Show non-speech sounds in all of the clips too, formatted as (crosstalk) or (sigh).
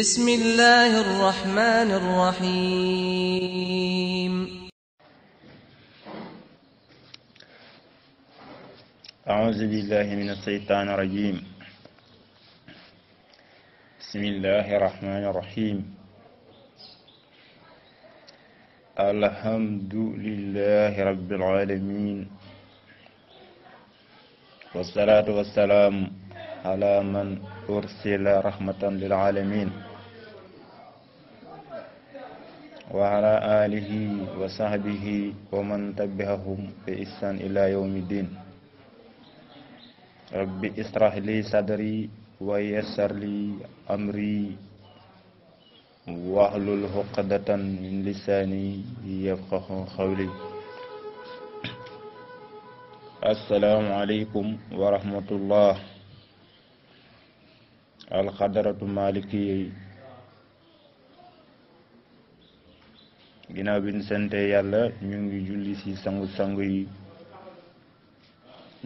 بسم الله الرحمن الرحيم أعوذ بالله من الشيطان الرجيم بسم الله الرحمن الرحيم الحمد لله رب العالمين والصلاة والسلام على من أرسل رحمة للعالمين وعلى آله وصحبه ومن تبعهم بإحسان إلى يوم الدين رب اشرح لي صدري ويسر لي أمري واحلل عقدة من لساني يفقه قولي السلام عليكم ورحمة الله alxadaratu malikiye yi ginnaaw bi ñu sante yàlla ñu ngi julli ci sangu sangu yi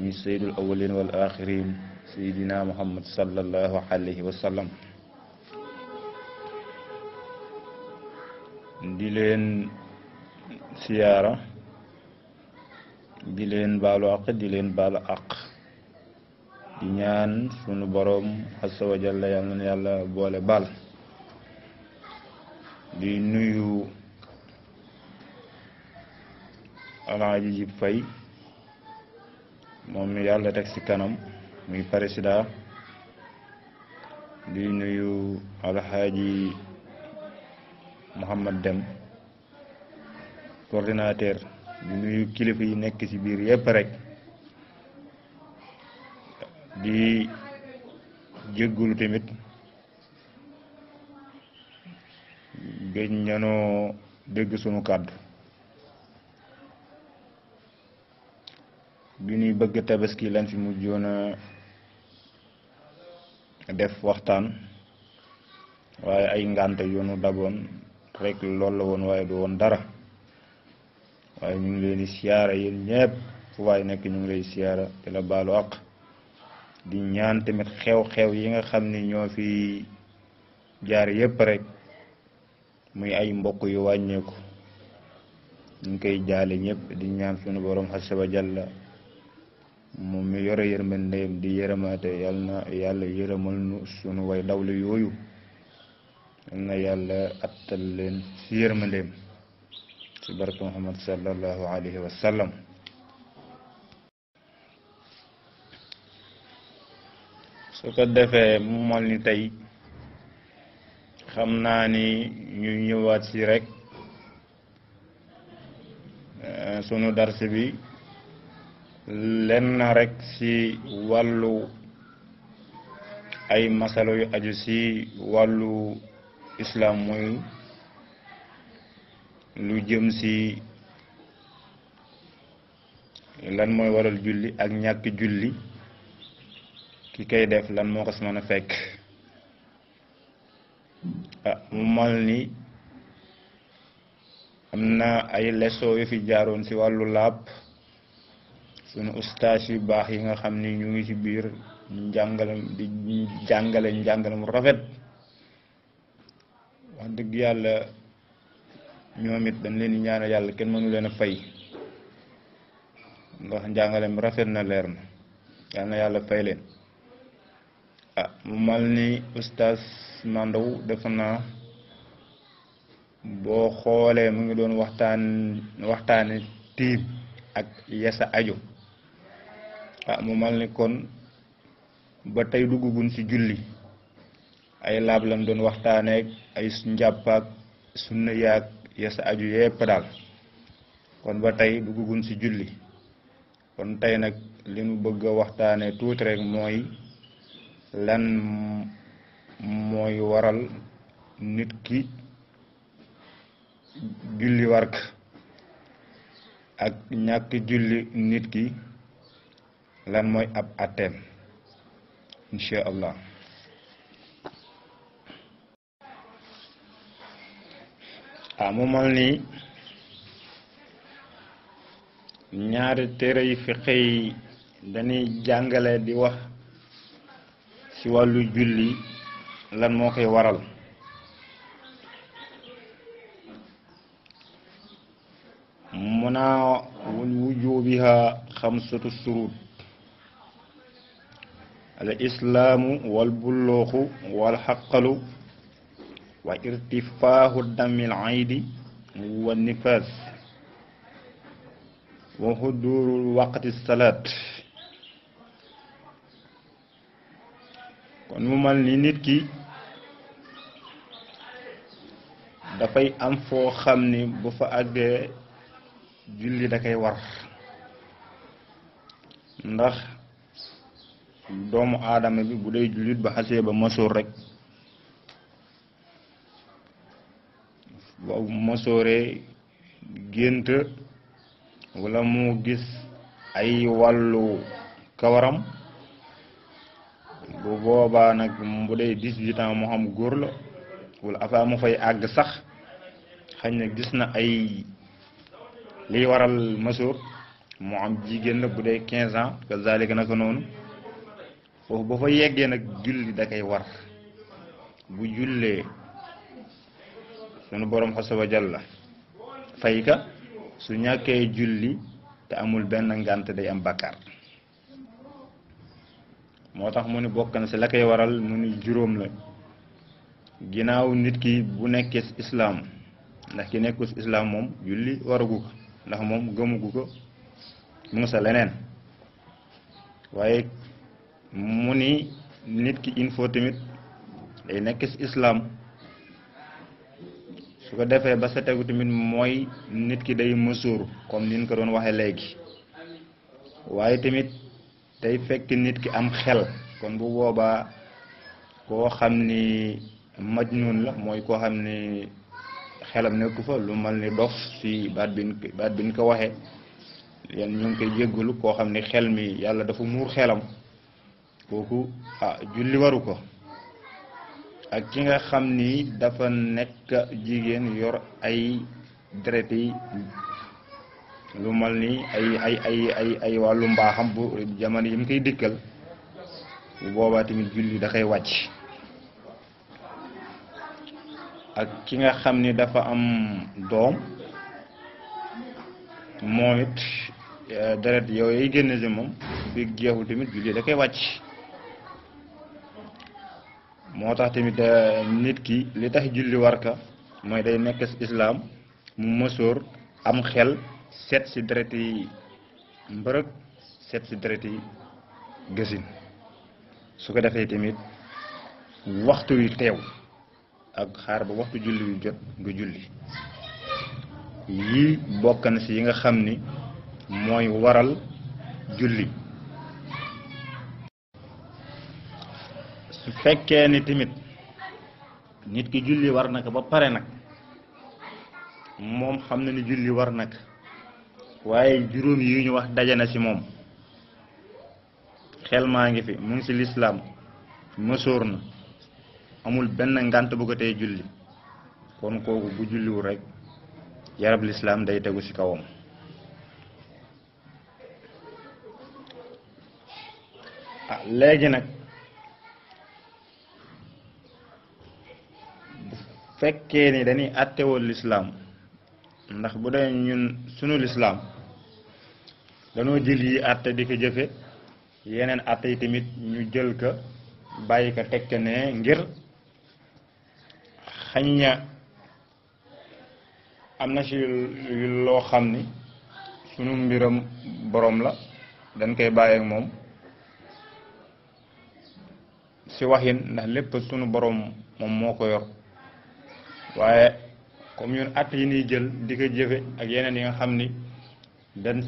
ñu saydul awalin wal axirin sayidina muhammad sallallahu alayhi wa sallam di leen siyaara di leen baalu àq di leen baalu àq di ñaan sunu borom azza wa jalla yal yàlla boole baal di nuyu Alaaji Jib Fay moom yàlla teg ci kanam muy président di nuyu Alaaji Mouhamad Dem coordinateur di nuyu kilifa yi nekk ci biir yépp rek di jéggulu tamit gëj ñanoo dégg sunu kàddu bi ñuy bëgg tabaski lañ fi mujjoon a def waxtaan waaye ay ngànte yoonu daboon rek loolu la woon waaye du woon dara waaye ñu ngi leen di siyaara yéen ñépp fu waay nekk ñu ngi lay siyaara te la baalu àq di ñaan tamit xew-xew yi nga xam ni ñoo fi jaar yépp rek muy ay mbokk yu wàññeeku ñu ngi koy jaale ñëpp di ñaan sunu borom xas ba jàlla moom mi yore yërmandeyam di yërëmaate yal na yàlla yërëmal nu suñu way dawle yooyu yal na yàlla attal leen si yërmandeyam si barke Muhammad alayhi wa su ko defee mu mal ni tey xam naa ni ñuy ñëwaat si rekk eh, sunu dars bi lenn rek si wàllu ay masala yu aju si wàllu islam mooy lu jëm si lan mooy waral julli ak ñàkk julli ki kay def lan moko sama na fek ah mu ni na ay leso yu fi jaaroon ci walu làpp sunu ustaas yu bax yi nga xamni ñu ngi ci biir njàngale di jangale njàngale mu rafet wax deug yalla ñoomit dañ leen ñaanal yalla kenn mënu leen fay ndax njàngale mu rafet na leer na yalla yalla fay leen Ah, malni ustaz mandou defna bo Mandaw mu ngi doon waxtaan ak yasa aju ah mu malni kon ba tay duggugun ci julli ay lab lam doon ak ay sunna yak yasa aju yépp daal kon ba tay duggugun ci julli kon tay nak limu bëgg a tout rek moy lan mooy waral nit ki julli wark ak ñàkk julli nit ki lan mooy ab atteem incha allah ah mu nii ñaari téere yi fi xëy dañuy jàngale di wax ci walu julli lan mo koy waral muna wul wujubiha khamsatu shurut al islam wal bulugh wal haqqu wa irtifahu dami al aid wa nifas wa xuduurul waqti salat kon mu mal ni nit ki fay am fo xamni bu fa agge julli da kay war ndax doomu adam bi bu dee julit ba xasse ba maso rek waaw re gént wala mo gis ay walu kawaram bu boobaa nag bu dee dix-huit ans mu am góor la wala avant mu fay àgg sax xañ na gis na ay liy waral masoor mu am jigéen la bu dee quinze ans kazalika naka noonu foofu ba fa yeggee nag julli da koy war bu jullee sunu borom xasa wa jalla fay ka su ñàkkee julli te amul benn ngànt day am bakkaar moo tax mu ni bokk na si la koy waral mu ni juróom la ginnaaw nit ki bu nekkee islaam ndax ki nekkul si islaam moom julli waragu ko ndax moom gëmugu ko mu ngi sa leneen waaye mu ni nit ki il faut tamit day nekk islaam su ko defee ba sa tamit mooy nit ki day mësuur comme ni ko doon waxee léegi waaye tamit tey fekk nit ki am xel kon bu boobaa koo xam ni majnun la mooy koo xam ni xelam nekku fa lu mal ni dof ci baat bin baat bin ko waxee yan ñu ngi koy jéggalu koo xam ni xel mi yàlla dafa muur xelam kooku ah julli waru ko ak ki nga xam ni dafa nekk jigéen yor ay deret yi lu mel nii ay ay ay ay ay wàllu mbaaxam bu jamono yi mu koy dikkal bu boobaa tamit julli da koy wàcc ak ki nga xam ni dafa am doom moom it eh, deret yow yay génn si moom bi jeexul tamit julli da koy wàcc moo tax tamit eh, nit ki li tax julli war mooy day nekk islaam mu mësoor am xel seet si deret yi mbërëg seet si deret gësin su ko defee tamit waxtu wi teew ak xaar ba waxtu julli wi jot nga julli yii bokk si yi nga xam ni mooy waral julli su fekkee ni tamit nit ki julli war na ba pare nag moom xam na ni julli war nag waye jurum yi ñu wax dajana ci mom xel ma ngi fi mu ngi ci l'islam amul ben ngant bu ko tay julli kon ko bu wu rek yarab l'islam day tegu ci kawam ah legi Nak fekke fekkee ni dañuy l'islam ndax bu day ñun sunu l'islam danoo jël yi atté di ko jëfe yeneen àtte yi tamit ñu jël ka bayyi ka teg ko ne ngir xagna amna ci loo xam sunu mbiram borom la dañ koy bayé ak moom ci waxin ndax lepp sunu borom moom moko yor waye comme ñun atté yi ni jël di ko ak yenen yi nga xamni dañ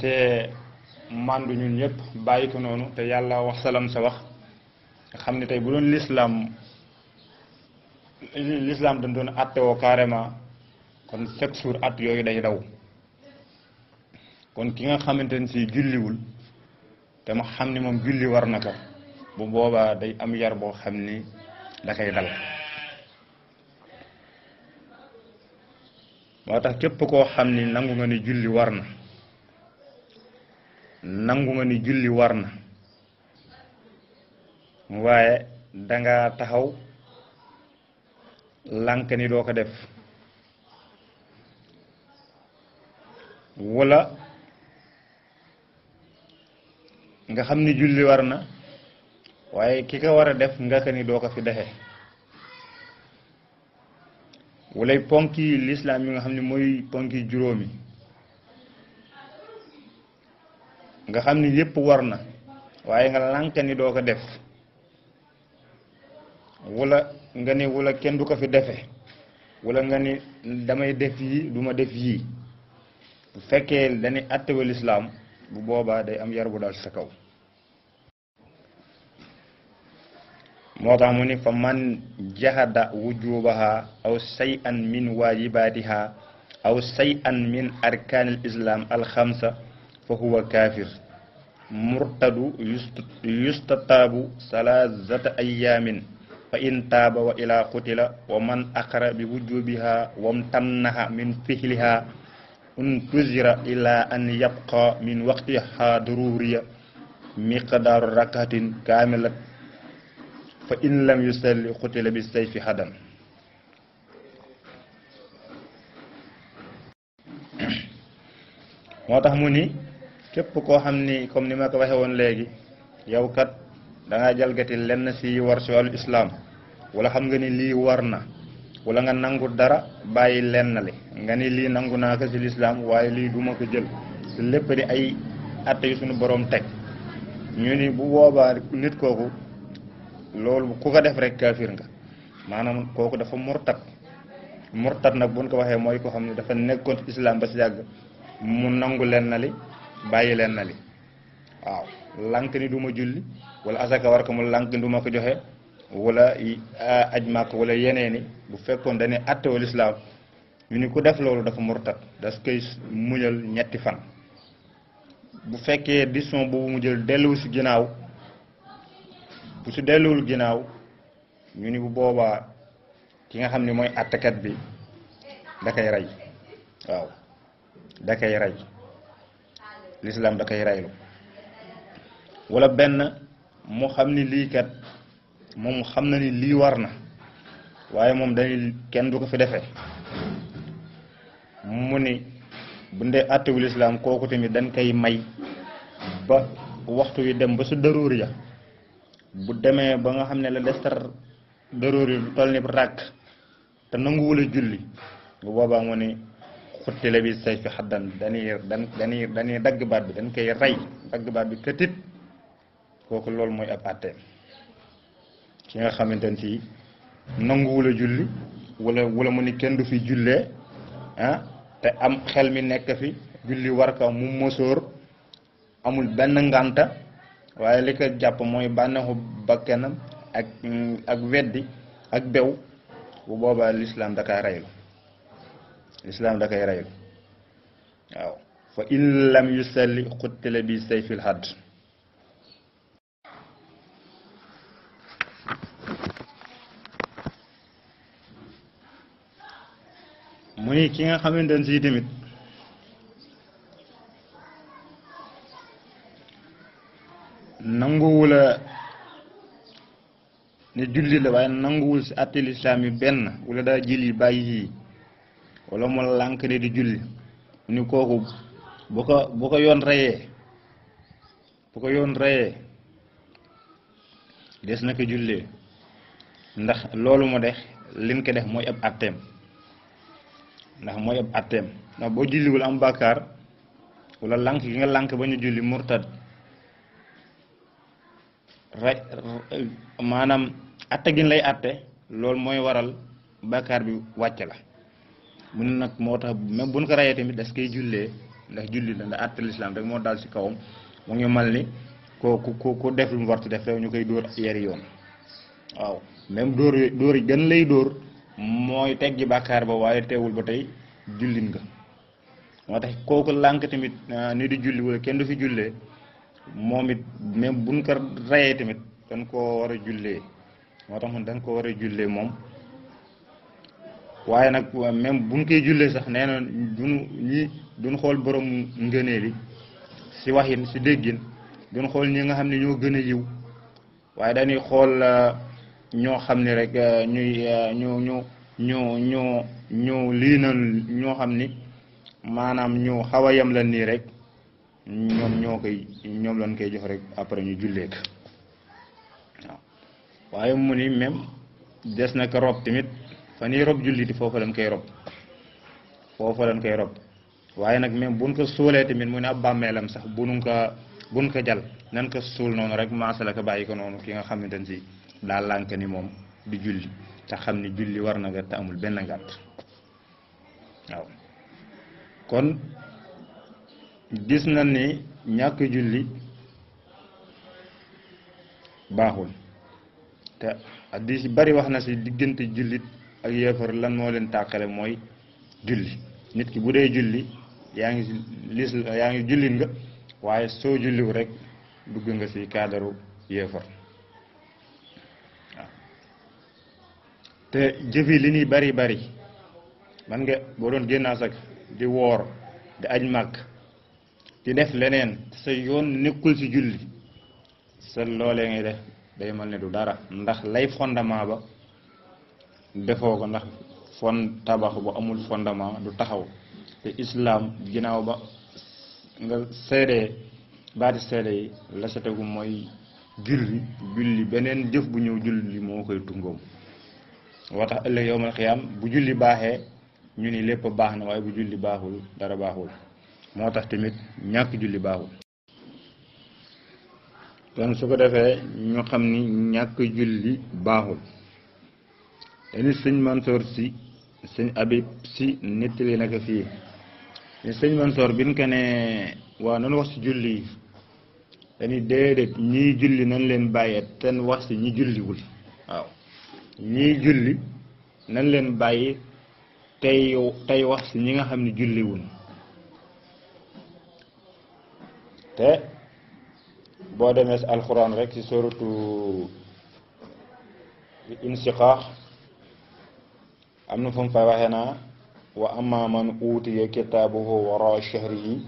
màndu ñun ñëpp bàyyi noonu te yàlla wax salaam sa wax xam ne tey bu doon lislaam lislaam dañ doon attewoo carrément kon chaque jour at yooyu day daw kon ki nga xamante ni si julliwul te ma xam ni moom julli war na ko bu boobaa day am yar boo xam ni dakay koy dal moo tax képp koo xam ni nangu nga ni julli war na nangu nga ni julli war na waaye danga taxaw lànk ni doo ko def wala nga xam ni julli war na waaye ki ko war a def nga ko doo ko fi defe walay ponk yi lislaam nga xam ne mooy ponk juróomi nga xamni ni lépp war na nga lankani do ko def wala nga ni wala kenn du ko fi defe wala nga ni damay def yi duma def yi bu dañi atté wal islam bu boba day am yarbu dal sa kaw motax mu ni fa man jahada wujubaha aw say min wajibatiha aw say min min islam al alxamsa فهو كافر مرتد يستطاب ثلاثة أيام فإن تاب وإلى قتل ومن أقر بوجوبها وامتنها من فهلها انتزر إلى أن يبقى من وقتها ضرورية مقدار ركعة كاملة فإن لم يسل قتل بالسيف حدا moo موني képp koo xam ni comme ni ma ko waxe woon léegi yow kat da ngaa jalgati lenn si war si wàllu islam wala xam nga ni lii war na wala nga nangu dara bàyyi lenn li nga ni lii nangu naa ko si lislaam waaye lii duma ko jël si lépp di ay atte yu suñu borom teg ñu ni bu boobaa nit kooku loolu ku ko def rek kafir nga maanaam kooku dafa murtat murtat nag buñ ko waxee mooy ko xam dafa nekkoon islam ba si yàgg mu nangu lenn li bayi len na li waaw lank ni duma julli wala asaka war ko mo lank duma ko joxe wala ajma ko wala yeneeni bu fekkoon dañuy attewal islaam ñu ni ko def lolu dafa murtad das kay muñal ñetti fan bu fekke disson bu mu jël delu ci ginaaw bu ci delul ginaaw ñu ni bu boba ki nga xamni moy attakat bi da kay ray waaw da kay ray lislaam da koy reylu wala benn mu xam ni lii kat moom xam na ni lii war na waaye moom dañuy kenn du ko fi defee mu ni bu ndee àttewul islaam kooku tamit dañ koy may ba waxtu wi dem ba su daruur ya bu demee ba nga xam ne la destar daruur yi lu toll ni ràkk te nanguwul a julli bu boobaa mu ni xuttila bi say fi xaddan dañuy dan dañuy dagg baat bi dañ kay rey dagg baat bi këtit kooku loolu mooy ab àtteem ki nga xamante fii si nanguwul a julli wala wala mu ni kenn du fi jullee ah, te am xel mi nekk fi julli war ka mu mosóor amul benn ngànta waaye li ko jàpp mooy bànneexu bakkenam ak ak weddi ak bew bu boobaa lislaam da kaa lislaam da koy waaw fa in lam yusalli xuttila bi sayfil hadd mu ni ki nga xamante si tamit nanguwul a ne la waaye nanguwul si àtte lislaam yi benn wala daa jël yi bàyyi yii wala mu lànk ne di julli mu ni kooku bu ko bu yoon reyee bu ko yoon reyee des na ko jullee ndax loolu mu def liñ ko def mooy ab atteem ndax mooy ab atteem ndax boo julliwul am bàkkaar wala lànk gi nga lànk ba ñu julli murtad ra maanaam atte gi lay ate loolu mooy waral bàkkaar bi wàcc la mu ne nag moo tax même bu ñu ko rayee tamit das koy jullee ndax julli la ndax àtte rek moo daal ci kawam mu ngi mal ni ko ku ku def lu ñu koy dóor yari yoon waaw même dóor dóor yi lay dóor mooy teggi bàkkaar ba waaye teewul ba tey jullin nga moo kooku lànk tamit ah, ni julli wala kenn du fi jullee moom it même buñ ko rayee tamit dañ koo war a jullee moo tax man ko war a jullee moom waaye nag même buñ koy jullee sax nee na duñu ñi duñ xool boroom ngëneel yi si waxin si déggin duñ xool ñi nga xam ne ñoo gën a yiw waaye dañuy xool euh, ñoo xam ne rek euh, ñuy euh, ñoo ñoo ñoo ñoo lii na ñoo xam ni maanaam ñu xaw a yem la nii rek ñoom ñoo koy ñoom lañ koy jox rek après ñu julleek waaw waaye mu ni même des na ko rob tamit fa ñuy rob jullit foofu lañ koy rob foofu lañ koy rob waaye nag même buñ ko suulee tamit mu ne ab bàmmeelam sax bunuñ ko buñ ko jal nan ko suul noonu rek maasa la ko bàyyi ko noonu ki nga xamante ne si daa lànk ni moom di julli te xam ni julli war na te amul benn ngàtt waaw kon gis na ni ñàkk julli baaxul te addis bari wax na si diggante jullit ak yéefar lan moo leen tàqale mooy julli nit ki bu dee julli yaa ngi lis nga waaye soo julliwu rek dugg nga ci kaadaru yéefar te jëfi li ñuy bari bari man nga boo doon génn asaka di woor di aj màkk di def leneen sa yoon nekkul ci julli sa loolee ngay def day mel ne du dara ndax lay fondement ba defoo ko ndax fon tabax bu amul fondement du taxaw te islaam ginnaaw ba nga seedee baati seede yi la sa tegu mooy julli julli beneen jëf bu ñëw julli moo koy tungoom woo tax ëllëg yowmal xiyaam bu julli baaxee ñu ni lépp baax na waaye bu julli baaxul dara baaxul moo tax tamit ñàkk julli baaxul kon su ko defee ñu xam ni ñàkk julli baaxul ni sëñ Mansoor si sëñ Abib si nettali naka fii ni sëñ Mansoor bin ko ne waaw nanu wax si julli yi dañuy déedéet ñii julli nañ leen bàyyee wax si ñi julliwul waaw julli nañ leen bàyyi tey tey wax si ñi nga xam ne julliwul te boo demee si alxuraan rek ci suratu insiqaax am na fu mu fay waxee naa wa amma man uutiya kitaabahu wara shahrihi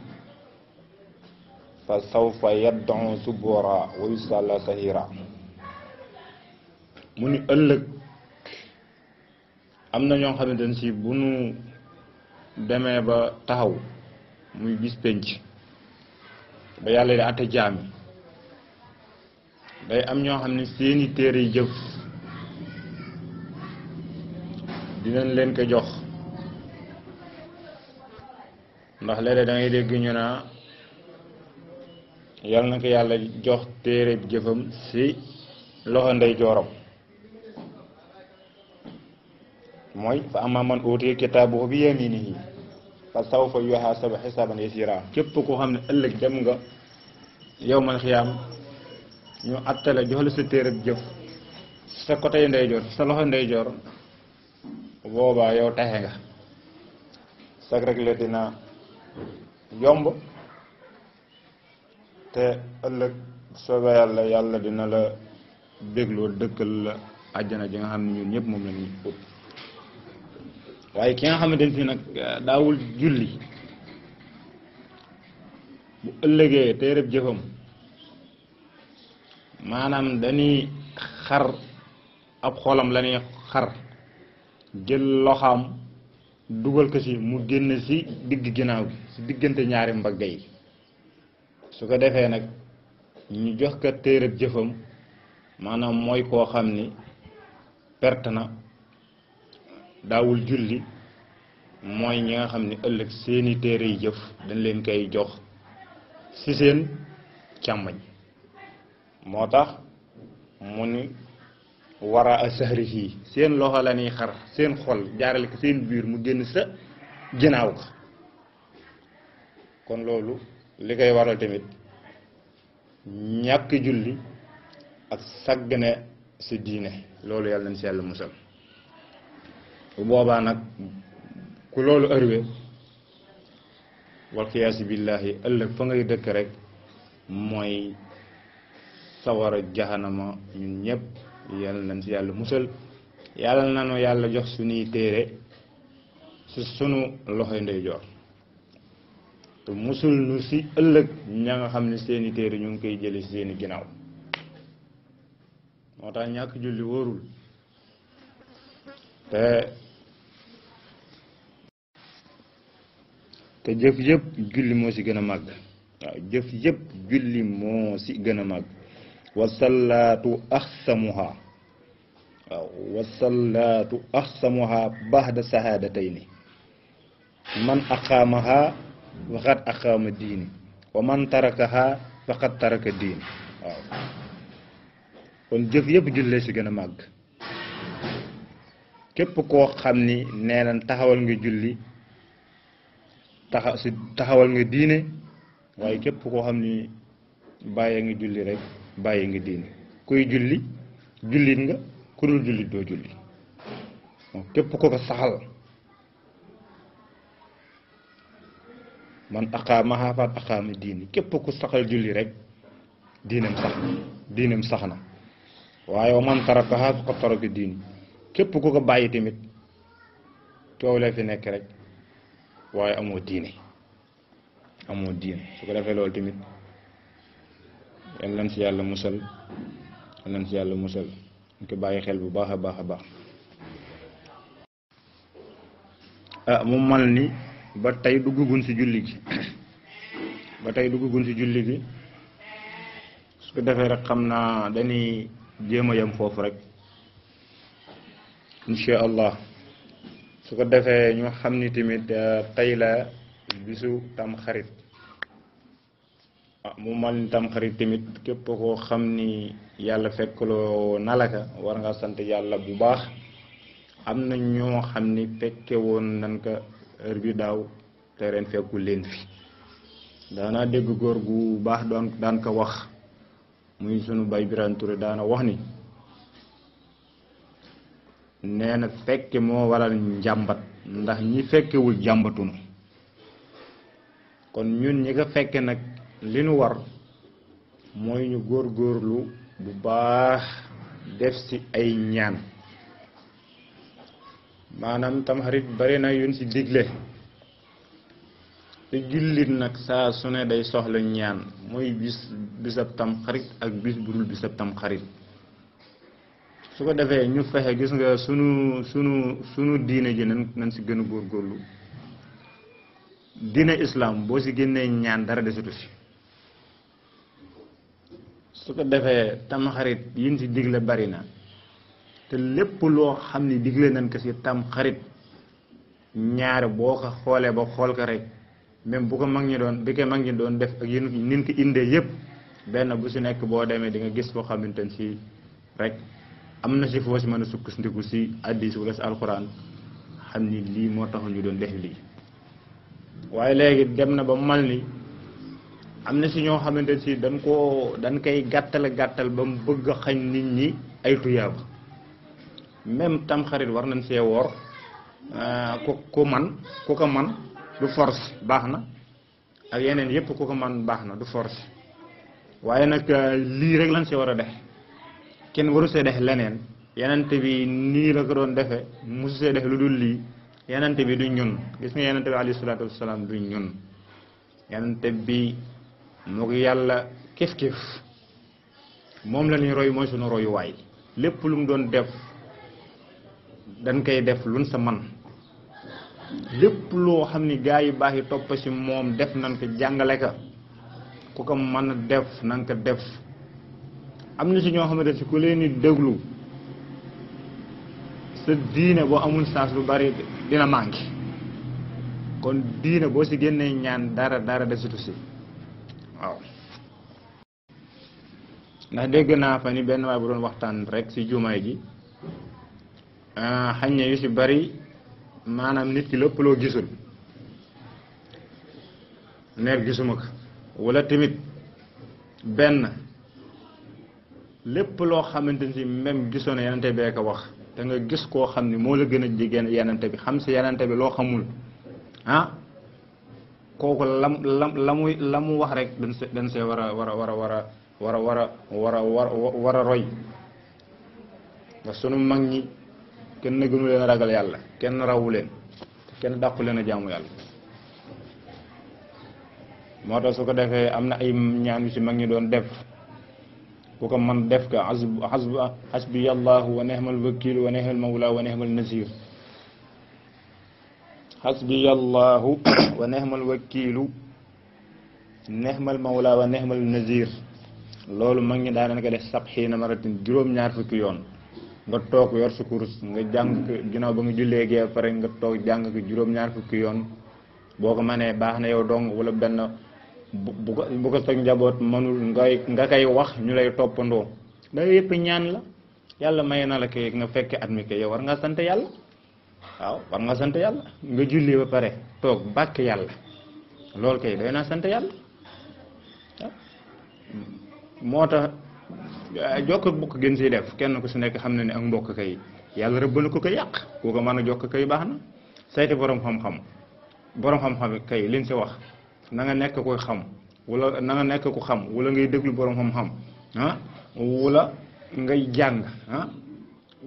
fa sawfa yad'u subura wa yusalla sahira mu ni ëllëg am na ñoo xamante ne demee ba taxaw muy bis penc ba yàlla di àtte jaam day am ñoo xam ne seeni téere jëf dinañ leen ko jox ndax léeg-léeg da dégg ñu naa yal na ko yàlla jox téere jëfam si loxo ndey mooy fa amma man uutiya kitaabahu bi yaminihi fa sawfa yuhaasabu xisaaban yasiira képp koo xam ne ëllëg dem nga yow man xiyaam ñu attale jox la sa téere jëf sa côté ndeyjoor sa loxo ndeyjoor boobaa yow taxe nga sag rek dina yomb te ëllëg soobee yàlla yàlla dina la bégloo dëkkal la àjjana ji nga xam ne ñun ñëpp moom la ñuy ut waaye ki nga xamante ne nag euh, daawul julli bu ëllëgee téereb jëfam maanaam dañuy xar ab xolam la xar jël loxaam dugal ko ci mu génn si digg ginnaaw gi si diggante ñaari mbagg yi su ko defee nag ñu jox ko téereb jëfam maanaam mooy koo xam ni perte na daawul julli mooy ñi nga xam ni ëllëg seeni téere jëf dañ leen koy jox ci seen càmmañ moo tax mu ni wara a sahrihi seen loxo la ñuy xar seen xol jaarale ko seen biir mu génn sa ginaaw ko kon loolu li koy waral tamit ñàkk julli ak sàggane si diine loolu yàlla nañ si yàlla musal boobaa nag ku loolu ërwee walxiyaasi billaahi ëllëg fa ngay dëkk rek mooy sawara jaxanama ñun ñëpp yàlla nañ si yàlla musal yàlla na nanu yàlla jox suñuy téere si sunu loxoy ndeyjoor te musul nu si ëllëg ña nga xam ne seeni ñu ngi koy jële si seeni ginnaaw moo tax ñàkk julli wóorul te te jëf yëpp julli moo ci gën a màgg waaw jëf yëpp julli moo si gën a màgg wasalaatu axsamuha waaw wasalaatu axsamuha baxda sahadatayni man aqaamaha faqad aqaama diini wa man diini waaw kon jëf yëpp jullee si gën a màgg képp koo xam ni nee nañ taxawal nga julli taxa si taxawal nga diine waaye képp koo xam ni bàyyee nga julli rekk bàyyi nga diine kuy julli jullit nga ku jullit doo julli képp ko ko saxal man aqaamahaa faqad aqaama diini képp ku saxal julli rek diinam sax diinam sax na waaye wa man tarakahaa faqad taraka diini képp ku ko bàyyi tamit coow la nekk rek waaye amoo diine amoo diine su ko defee loolu tamit yal nañ si musal yal nañ si musal ñu ko bàyyi xel bu baax ah mu ni ba dugu duggugun si julli gi ba tey duggugun si (coughs) julli gi su ko defee rek xam naa rek allah su ko defee ñu xam ni tamit ah, la bisu tam xarit mu mal tamxarit tamit képp koo xam ni yàlla fekkloo nalaka war nga sant yàlla bu baax am na ñoo xam ni fekke woon nan ka heure bi daaw te ren fekku leen fi daanaa dégg góor gu baax doon daan ko wax muy sunu bay Birane Touré daana wax ni nee na fekke moo waral njàmbat ndax ñi fekkewul jàmbatunu kon ñun ñi ko fekke nag li nu war mooy ñu góorgóorlu bu baax def ci ay ñaan maanaam tamxarit bari na yun ci digle te jullit nag saa su ne day soxla ñaan mooy bis bisab xarit ak bis bu bisab bisab xarit su ko defee ñu fexe gis nga sunu sunu sunu diine ji nañ nañ ci gën a góorgóorlu islam boo ci génnee ñaan dara desatu ci su ko defee tamxarit yuñ ci digle bari na te lépp loo xam ne digle nañ ko ci tamxarit ñaari boo ko xoolee ba xool ko rek même bu ko mag ñi doon bi ko mag ñi doon def ak yu nin ko indee yëpp benn bu ci nekk boo demee di nga gis koo xamante ne ci rek am na ci foo si mën a sukkandiku ci hadiis walla ci alxuraan xam ni lii moo tax ñu doon def lii waaye léegi dem na ba mal ni am na si ñoo xamante si dañ koo dañ koy gàttal gàttal ba mu bëgg xañ nit ñi ay tuyaaba même tamxarit war nañ see woor ah, ku ku man ku ko man du force baax na ak yeneen yëpp ku ko man baax na du force waaye nag ah, lii rek lañ see war a def kenn waru see def leneen yenente bi nii la ko doon defee mosu see def lu dul lii yenente bi du ñun gis nga yenente bi alayhi salaatu wasalaam du ñun yenente bi mu yàlla kif-kif moom la ñuy roy mooy sunu royuwaay lépp lu mu doon def dañ koy def luñ sa man lépp loo xam ne gaa yi baax yi topp ci moom def nañ ko jàngale ko ku ko mën a def nañ ko def am na ci ñoo xamante ci ku leen di déglu sa diine boo amul sens lu bari dina manqué kon diine boo ci génnee ñaan dara dara desitu ci waaw ndax dégg naa fa ni benn waay bu doon waxtaan rekk ci jumaay ji ah, xañ na yu ci bari maanaam nit ki lépp loo gisul neer gisuma ko walla tamit benn lépp loo xamante ni même gisoon na yenante bee ko wax te nga gis koo xam ni moo la gën a jigéen yenante bi xam si yenante bi loo xamul ah kooku lam lam la muy la mu wax rek dañ see dañ see war a war a war a war a war a war a war a war a roy ndax sunu mag ñi kenn gënu leen a ragal yàlla kenn rawu leen kenn dàqu a jaamu yàlla moo tax soo ko defee am na ay ñaan yu si mag ñi doon def ku ko man def ka hasbi hasbi allahu wa nehmal wakiil wa nehmal mawla wa nehmal nasir حسبي الله ونعم الوكيل نعم المولى ونعم النذير loolu mag ñi daanañ ko def sab xiina maratin juróom-ñaar fukki yoon nga toog yor sa kurus nga jàng ko ba nga jullee gee pare nga toog jàng ko juróom-ñaar fukki yoon boo ko manee baax na yow dong wala benn bu ko bu ko sa njaboot mënul ngay nga koy wax ñu lay toppandoo da yëpp ñaan la yàlla may na la kay nga fekke at mi kay yow war ngaa sant yàlla waaw war nga sant yàlla nga julli ba pare toog bàkk yàlla loolu kay doy naa sant yàlla moo tax ah, jokk bokk gën si def kenn ku si nekk xam na ne ak mbokk kay yàlla rëbb na ko koy yàq koo ko mën a jokk kay baax na sayti borom xam-xam borom xam-xam kay liñ si wax nanga nekk koy xam wala na nga nekk xam wala ngay déglu borom xam-xam ah ngay jàng ah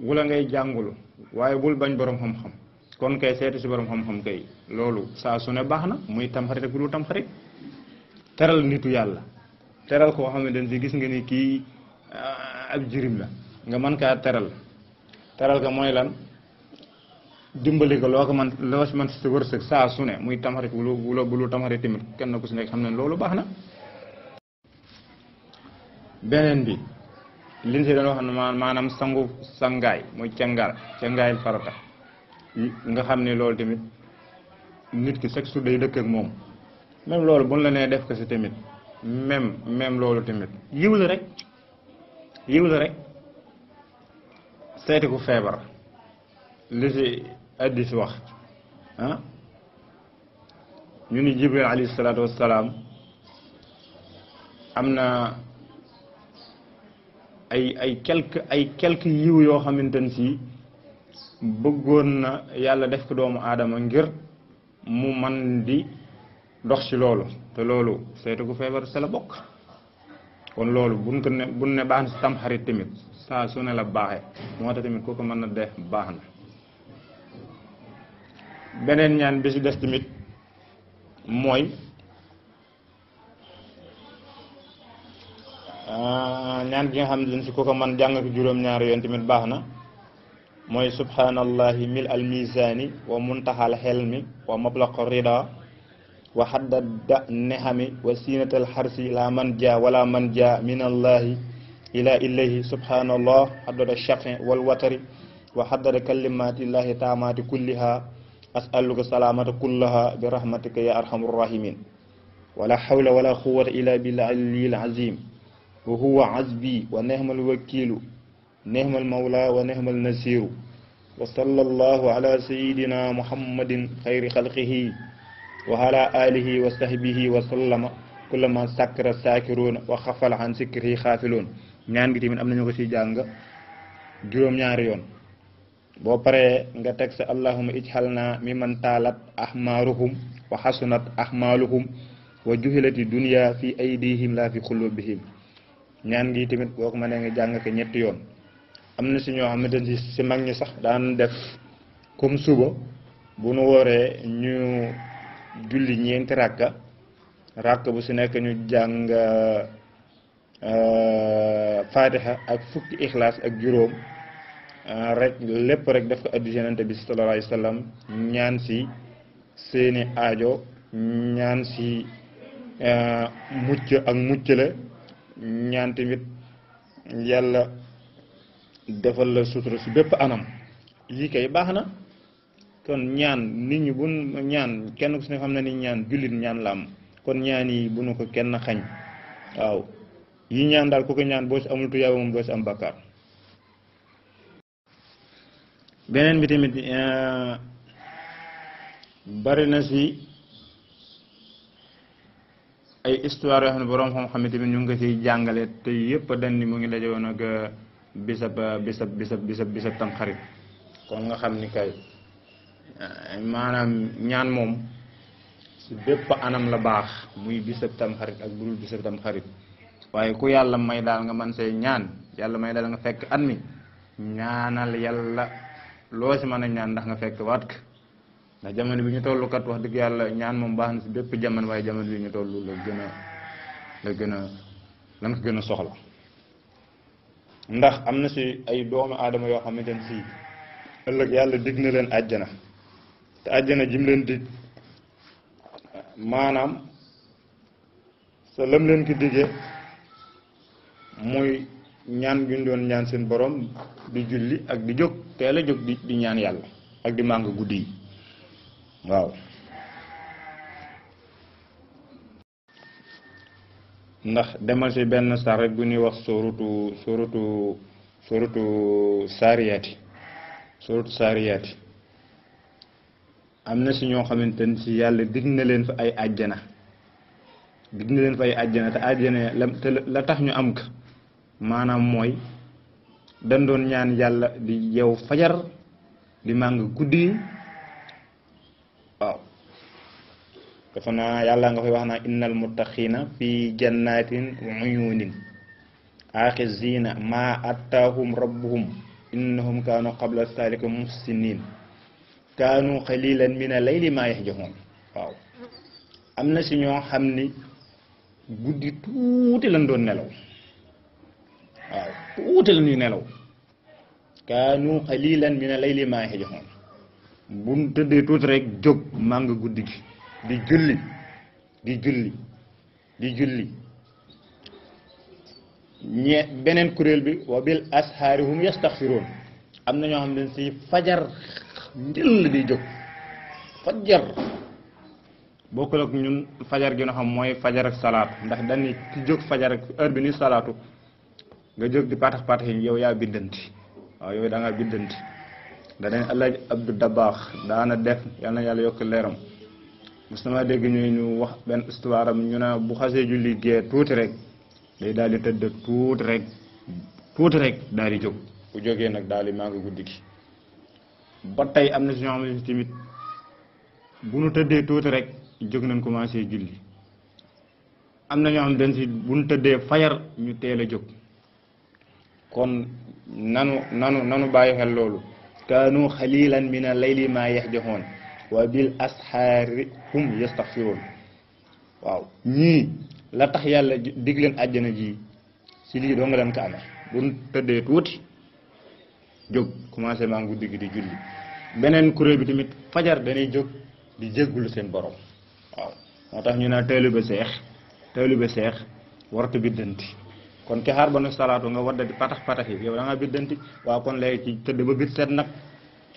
wala ngay jàngulu waaye bul bañ borom xam-xam. kon kay seeti si borom xam-xam kay loolu saa su baax na muy tamxarit bu lu tamxarit teral nitu yàlla teral koo xam ne dañ gis nga ni kii ah, ab jirim la nga mën kaa teral teral ka mooy lan dimbali ko loo ko man loo si man si saa su muy tamxarit bu lu bu lu tamxarit tamit kenn ku si nekk xam ne loolu baax na beneen bi liñ si doon wax maanaam sangu sangaay muy cangaal cangaayil farata nga xam ne loolu tamit nit ki chaque jour day dëkk moom même loolu bu ñu la nee def ko si tamit même même loolu tamit yiw la rek yiw rek seeti ku feebar li si addis wax ah ñu ni jibril alayhi salaatu am na ay ay quelque ay quelque yiw yoo xamante ne si bëggoon na yàlla def ko doomu aadama ngir mu man di dox ci loolu te loolu saytu gu feebar sa la bokk kon loolu bu ko ne buñ ne baax na si tamxarit tamit saa su ne la baaxee moo tax tamit kooku mën na def baax na beneen ñaan bi si des tamit mooy ah, ñaan gi nga xam ne si kooku man jàng ko juróom-ñaari yoon tamit baax na mooy subhanallahi mil al misani wa muntaxal xelmi wa mablaqo rida wa xadda da nehami wa sinatal xarsi la man ja wala man ja min allahi ila ilayhi subhanallah xaddada chaqin wal watari wa xaddada kalimatillahi taamati kulliha asaluka salamata kullaha bi rahmatika ya arhamu rahimin wala xawla wala quwata illa billahi aliyil azim wa huwa azbi wa nehmal wakilu نهم المولى ونهم النسير وصلى الله على سيدنا محمد خير خلقه وعلى آله وصحبه وسلم كلما سكر ساكرون وخفل عن سكره خافلون نيان غتي من امنا نيوكو سي جانغ جوم نيار يون بو بري nga تكس اللهم اجعلنا ممن طالت احمارهم وحسنت احمالهم وجهلت الدنيا في ايديهم لا في قلوبهم نيان غي تيميت بوكو ما نيغي جانغ كي نيت يون am na si ñoo xamante ni si sax daan def comme suba bu nu wooree ñu julli ñeenti ràkka ràkk bu si nekk ñu jàng euh, faatiha ak fukki ixlaas ak juróom euh, rek lépp rek def ko addu yenante bi sallallahu alayhi wa ñaan si seeni aajo ñaan si euh, mucc ak mucc la ñaan tamit yàlla defal la sutura ci bépp anam lii kay baax na kon ñaan nit ñi bu ñaan kenn ku ne xam ni ñaan jullit ñaan lam kon ñaan yi bu nu ko kenn xañ waaw yi ñaan daal ku ko ñaan boo si amul tuyaaba moom doo si am bàkkaar beneen bi tamit eh, bari na si ay histoire yoo xam ne borom xam-xam tamit ñu ngi ko siy te yëpp dañ ni mu ngi daje ak bisab bisab bisab bisab bisab tam kon nga xamni kay eh, manam ñaan mom si bépp anam la mui muy bisab tam xarit ak budul bisab tam xarit waaye ku yalla may dal nga man sey ñaan yalla may dal nga fekk anmi ñaanal yalla lo ci man ñaan ndax nga fekk waat na jamono bi ñu tollu kat wax dëgg yalla ñaan mom baax na si jamono waaye jamono bi ñu tollu la gëna la gëna lan ko soxla ndax am na si ay doomu aadama yoo xamante ne si ëllëg yàlla dig na leen àjjana te àjjana jim leen dig maanaam sa lëm leen ki digee muy ñaan gi doon ñaan seen borom di julli ak di jóg teel a jóg di ñaan yàlla ak di màngo guddi yi waaw ndax demal ci benn saar rek bu ñuy wax sóorutu sóorutu sóorutu saariyaati sóorutu saariyaati am na si ñoo xamante ni si yàlla digg na leen fa ay àjjana digg na leen fa ay àjjana te àjjana la tax ñu am ko maanaam mooy dandoon ñaan yàlla di yow fajar di màng guddi كفنا يالله نغفي وحنا إن المتخين في جنات وعيون آخذين ما أتاهم ربهم إنهم كانوا قبل ذلك محسنين كانوا قليلا من الليل ما يهجهون واو أمنا سنيو حمني بودي توتي لندون نلو واو توتي لندون نلو كانوا قليلا من الليل ما يهجهون بنت دي توتريك جوب مانغ بودي di julli di julli di julli ñe beneen kuréel bi wa bil ashaari hum yastaxfiroon am na ñoo xam ne si fajar njëll di jóg fajar bokkul ak ñun fajar gi nga xam mooy fajar ak salaatu ndax dañuy ki jóg fajar ak heure bi ni salaatu nga jóg di paatax paatax yi yow yaa biddanti waaw yow da ngaa biddanti da dañ Alaaji Abdou Dabaax daana def yal na yàlla yokk leeram mos dégg ñu ñu wax benn histoire ñu naa bu xasee julli gee tuuti rek day daal di tëdd tuuti rek tuuti rek daal jóg u jógee nag daal di maa ngi guddi gi ba tey am na si ñoo xam ne tamit bu nu tëddee tuuti rek jóg nañ commencé julli am na ñoo xam ne bu nu tëddee fajar ñu teel a jóg kon nanu nanu nanu bàyyi xel loolu kaanu xalilan mina layli maa yahjahoon wabil bil ashaari hum yastaghfirun waaw ni la tax yalla dig len aljana ji ci li do nga daan ka amee bu tëddee tuti jog commencé ma ngou dig di julli benen kure bi tamit fajar dañuy jog di jéggulu sen borom waaw na teelu be naa teelu be taalibe warta bi denti kon ki har banu salatu nga wadda di patax patax yi yow da nga denti wa kon lay ci tëdd ba bi set nak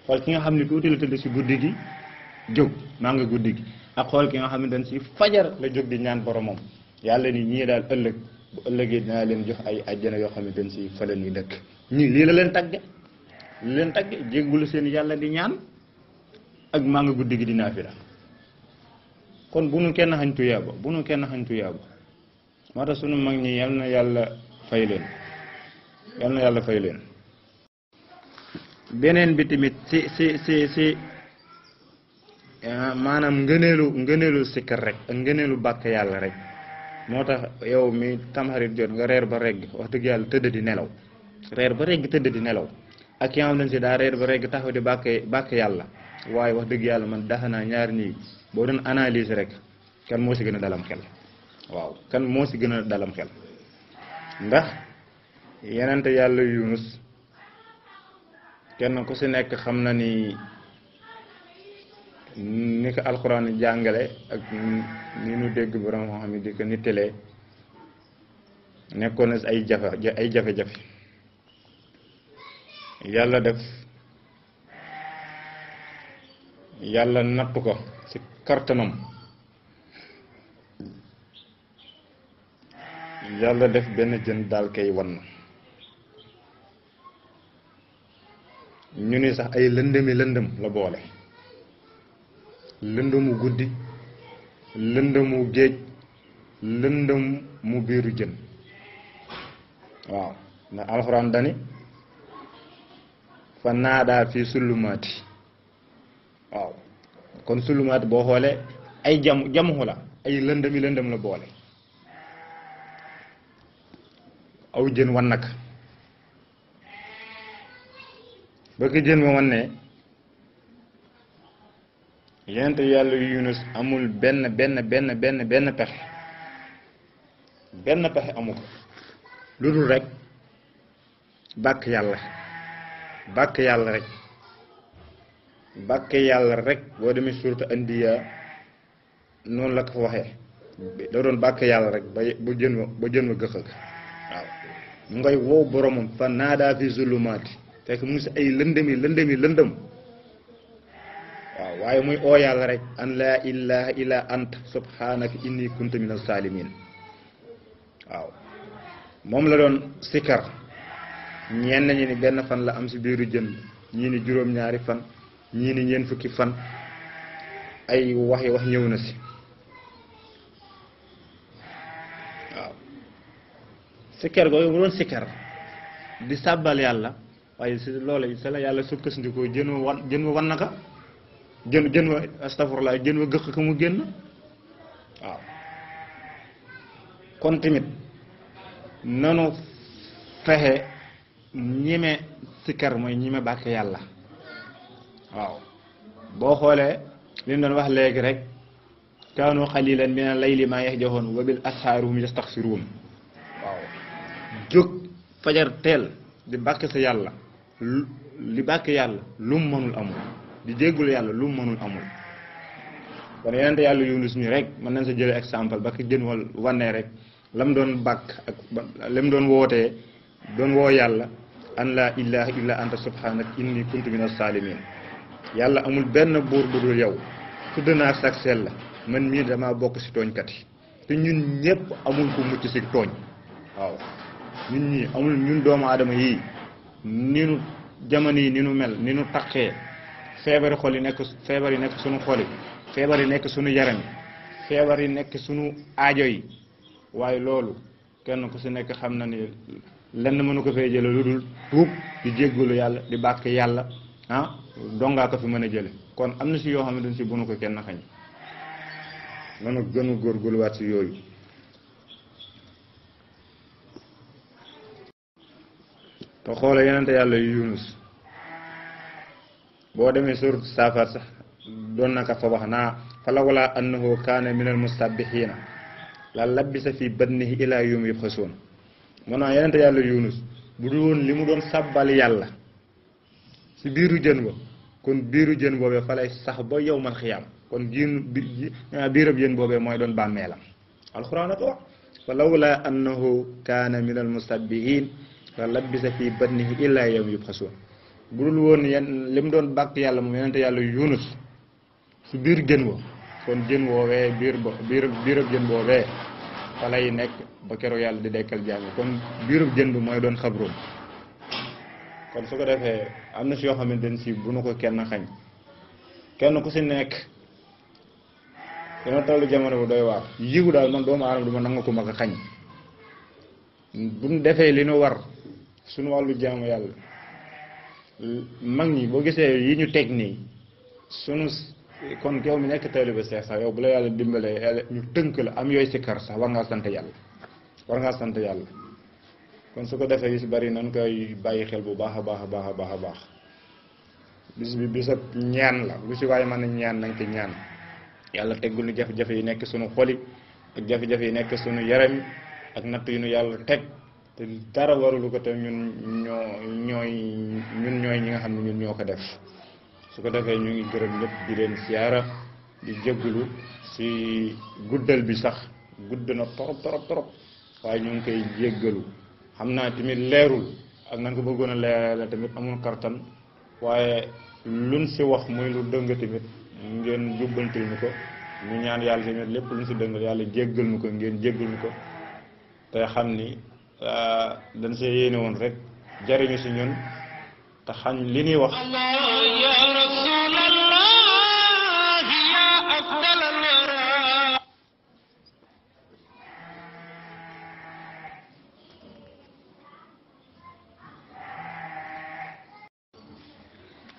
ki nga xamni tuti la ci guddigi jóg maa nga guddi gi ak xool ki nga xamante ne si fajar la jóg di ñaan boromam yàlla ni ñii daal ëllëg bu ëllëgee dinaa leen jox ay ajjana yoo xamante ne si fa la ñuy dëkk ñii lii la leen tagg li leen tagge jéggulu seen yàlla di ñaan ak maa nga guddi gi di naafila kon bu nu kenn xañ tuyaaba bu nu kenn xañ tuyaaba moo tax sunu mag ñi yal na yàlla fay leen yal na yàlla fay leen beneen bi si si si si Ya, manam ngeenelu ngeenelu sikkar rek ngeenelu ngëneelu bàkk rek motax yow mi tamxarit jot nga reer ba reg wax deug yàlla tëdd di nelaw reer ba reg tëdd di nelaw ak yaam nga ci da reer ba reg taxaw di way wax deug man dahana ñaar ni bo done analyse rek kan mo ci gëna dalam xel waaw kan mo ci gëna dalam xel ndax yenente yàlla yunus kenn ko ci nek xamna ni ni ko alxuraan jàngale ak ni nu dégg borom xam ne di ko nittalee nekkoon na si ay jafe jafe-jafe yàlla def yàlla nattu ko ci kartanam yàlla def benn jën daal koy wan ñu ni sax ay lëndëmi lëndëm la boole lëndëmu guddi lëndëmu géej lëndëm mu biiru jën waaw na alxuraan dani fa naadaa fii sullumaati waaw kon sullumaat boo xoolee ay jam jamuxu la ay lëndëm yi lëndëm la boole aw jën wan nag bëgg jën ma wan nee yonent yàlla yunus amul benn benn benn benn benn pexe benn pexe amu ko lu dul rek bàkk yàlla bàkk yàlla rek bàkk yàlla rek boo demee suurta andiya noonu la ko fa waxee da doon bàkk yàlla rek ba ba jën wa ba jën wa gëx ak waaw mu ngay wow boromam fa naadaa fi zulumaati fekk mu ngi si ay lëndëmi lëndëmi lëndëm waaye muy oo yàlla rek an laa ilaha illa ant subhanaka inni kuntu min alsalimin waaw moom la doon sikar ñenn ñi ni benn fan la am si biiru jën ñii ni juróom-ñaari fan ñii ni ñeent fukki fan ay waxi wax ñëw na si waaw sikkar googu mu doon sikkar di sàbbal yàlla waaye si loola sa la yàlla sukkandikoo jën wan jën wan gën gën wa astafurlaay gën wa gëq ko mu génn waaw kon tamit nanu fexe ñime sikkar mooy ñime bàkk yàlla waaw boo xoolee li mu wax léegi rek kaanu xalilan mina layli maa yahjahoon wa bil ashaari hum yastaxfiruun waaw jóg fajar teel di bàkk sa yàlla li bàkk yàlla lum mu mënul amul di déggul yàlla lu mu mënul amul kon yonente yàlla yunus mi rek mën nañ sa jële exemple ba ki jën wal wannee rek lam doon bàkk ak lam doon wootee doon woo yàlla an illa anta subhanak inni kuntu min asalimin yàlla amul benn buur bu dul yow tudd naa sag la man mii damaa bokk si tooñkat yi te ñun ñëpp amul ku mucc si tooñ waaw ñun amul ñun doomu aadama yii ni nu jamono yi ni nu mel ni nu taqee feebar xol yi nekk feebar yi nekk sunu xol yi feebar yi nekk sunu yaram feebar yi nekk sunu aajo yi waaye loolu kenn ku si nekk xam na ni lenn mënu ko fee jële lu dul tuub di jéggalu yàlla di bàkk yàlla ah dongaa ko fi mën a jële kon am na si yoo xam ne si bunu ko kenn xañ nanu gënu góorgóorluwaat si yooyu te xoole yonente yàlla yu Yunus بودمي سور سافر صح دونك فبحنا فلولا انه كان من المستبحين لا لبس في بدنه الى يوم يبخسون مونا يانت يالا يونس بودون لي مودون سبال يالا سي بيرو جن كون بيرو جن بو فلاي صح با يوم الخيام كون جين بيرو جن بو موي دون باميلا القران تو فلولا انه كان من المستبحين فلبس في بدنه الى يوم يبخسون bu dul woon yan li mu doon bàkk yàlla moom yonente yàlla yunus su biir jën wo kon jën woowee biir bo biir biirab jën woowee fa lay nekk ba keroog yàlla di dekkal jaam kon biirub jën bu mooy doon xabroom kon su ko defee am na si yoo xamante ne si bu ko kenn xañ kenn ku si nekk dana tollu jamono bu doy waar yiwu daal man doomu aadama du nangu ko mag a xañ bu nu defee li nu war suñu wàllu jaamu yàlla mag ñi boo gisee yi ñu teg nii sunu kon yow mi nekk taalibe Seex sax yow bu la yàlla dimbalee yàlla ñu tënk la am yooyu sikkar sax war ngaa sant yàlla war ngaa sant yàlla kon su ko defee yu si bari nan koy bàyyi xel bu baax a baax a baax a baax a baax bis bi bisab ñaan la lu si waaye man a ñaan nañ ci ñaan yàlla teggul ñu jafe-jafe yi nekk sunu xoli ak jafe-jafe yi nekk sunu yaram ak natt yu nu yàlla teg te dara warulu ko te ñun ñoo ñooy ñun ñooy ñi nga xam ne ñun ñoo ko def su ko defee ñu ngi gërëm ñëpp di leen siyaara di jéggulu si guddal bi sax gudd na waaye ñu ngi koy jéggalu xam naa tamit leerul ak nan ko bëggoon a leerale tamit amul kartan waaye luñ si wax muy lu dëng tamit ngeen jubbantil ñu ko ñu ñaan yàlla tamit lépp luñ si dëngal yàlla jéggal ñu ko ngeen jéggal ñu ko te xam ni dañ see yéene woon rek jariñu si xañ li ñuy wax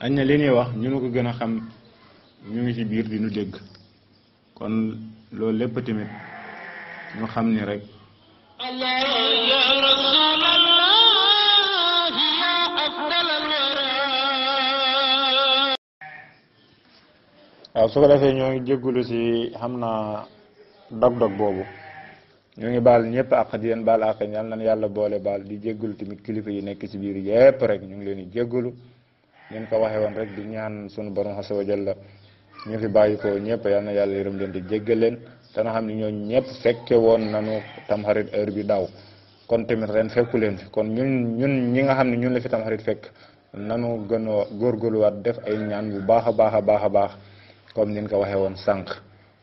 añ na li ñuy wax ñu ko gën a xam ñu ngi ci biir di nu dégg kon loolu lépp tamit ñu xam ni rek waaw ya, su ko defee ñoo ngi jéggulu ci xamna dog-dog bobu ñoo ngi bal ñepp àq di leen baal àq ñaan nan yàlla boole bal di jéggulu timit kilifa yi nekk ci biir yépp rek ñu ngi leen di jéggulu ñen ko waxé won rek di ñaan sunu borom xasa wa jalla ñu fi bayiko ñepp yalla yalla na leen di jéggal leen dana xam ne ñooñu ñëpp fekke woon nañu tamxarit heure bi daaw kon tamit ren fekku leen fi kon ñun ñun ñi nga xam ne ñun la fi tamxarit fekk nanu gën a góorgóorluwaat def ay ñaan bu baax a baax a baax a baax comme nin ko waxee woon sànq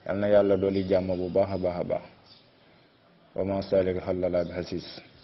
yal na yàlla dooli jàmm bu baax a baax a baax wa ma salik xalala bi xasiis